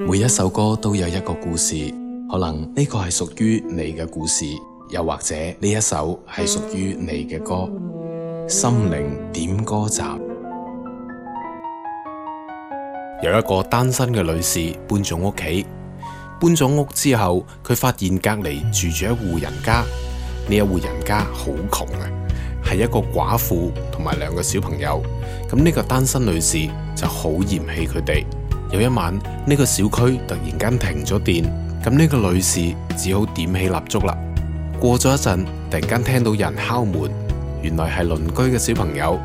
每一首歌都有一個故事，可能呢個係屬於你嘅故事，又或者呢一首係屬於你嘅歌。心靈點歌站，有一個單身嘅女士搬咗屋企，搬咗屋之後，佢發現隔籬住住一戶人家，呢一戶人家好窮啊，係一個寡婦同埋兩個小朋友，咁呢個單身女士就好嫌棄佢哋。有一晚，呢個小區突然間停咗電，咁呢個女士只好點起蠟燭啦。過咗一陣，突然間聽到人敲門，原來係鄰居嘅小朋友。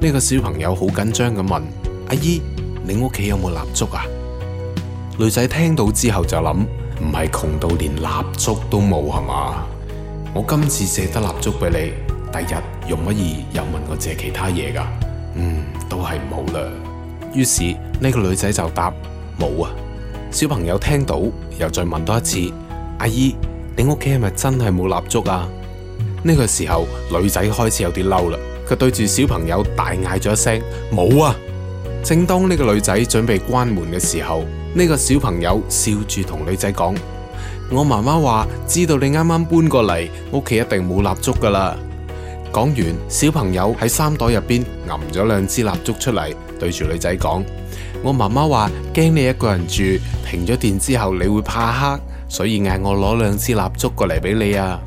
呢個小朋友好緊張咁問：阿姨，你屋企有冇蠟燭啊？女仔聽到之後就諗：唔係窮到連蠟燭都冇係嘛？我今次借得蠟燭俾你，第日容乜易又問我借其他嘢噶？嗯，都係唔好啦。於是呢個女仔就答冇啊！小朋友聽到又再問多一次，阿姨，你屋企係咪真係冇蠟燭啊？呢個時候女仔開始有啲嬲啦，佢對住小朋友大嗌咗一聲冇啊！正當呢個女仔準備關門嘅時候，呢個小朋友笑住同女仔講：我媽媽話知道你啱啱搬過嚟，屋企一定冇蠟燭噶啦。講完，小朋友喺衫袋入邊揞咗兩支蠟燭出嚟，對住女仔講：我媽媽話驚你一個人住，停咗電之後你會怕黑，所以嗌我攞兩支蠟燭過嚟俾你啊！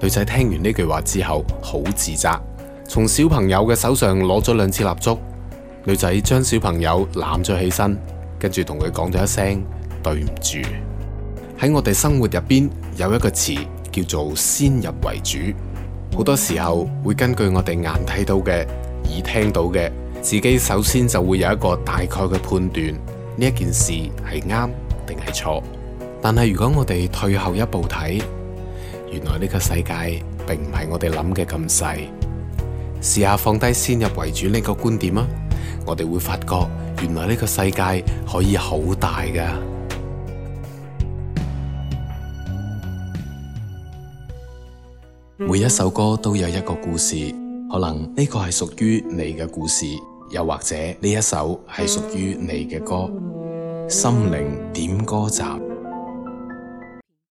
女仔聽完呢句話之後，好自責，從小朋友嘅手上攞咗兩支蠟燭。女仔將小朋友攬咗起身，跟住同佢講咗一聲對唔住。喺我哋生活入邊，有一個詞叫做先入為主。好多時候會根據我哋眼睇到嘅、耳聽到嘅，自己首先就會有一個大概嘅判斷，呢一件事係啱定係錯。但係如果我哋退後一步睇，原來呢個世界並唔係我哋諗嘅咁細。試下放低先入為主呢個觀點啊，我哋會發覺原來呢個世界可以好大噶。每一首歌都有一個故事，可能呢個係屬於你嘅故事，又或者呢一首係屬於你嘅歌。心靈點歌站。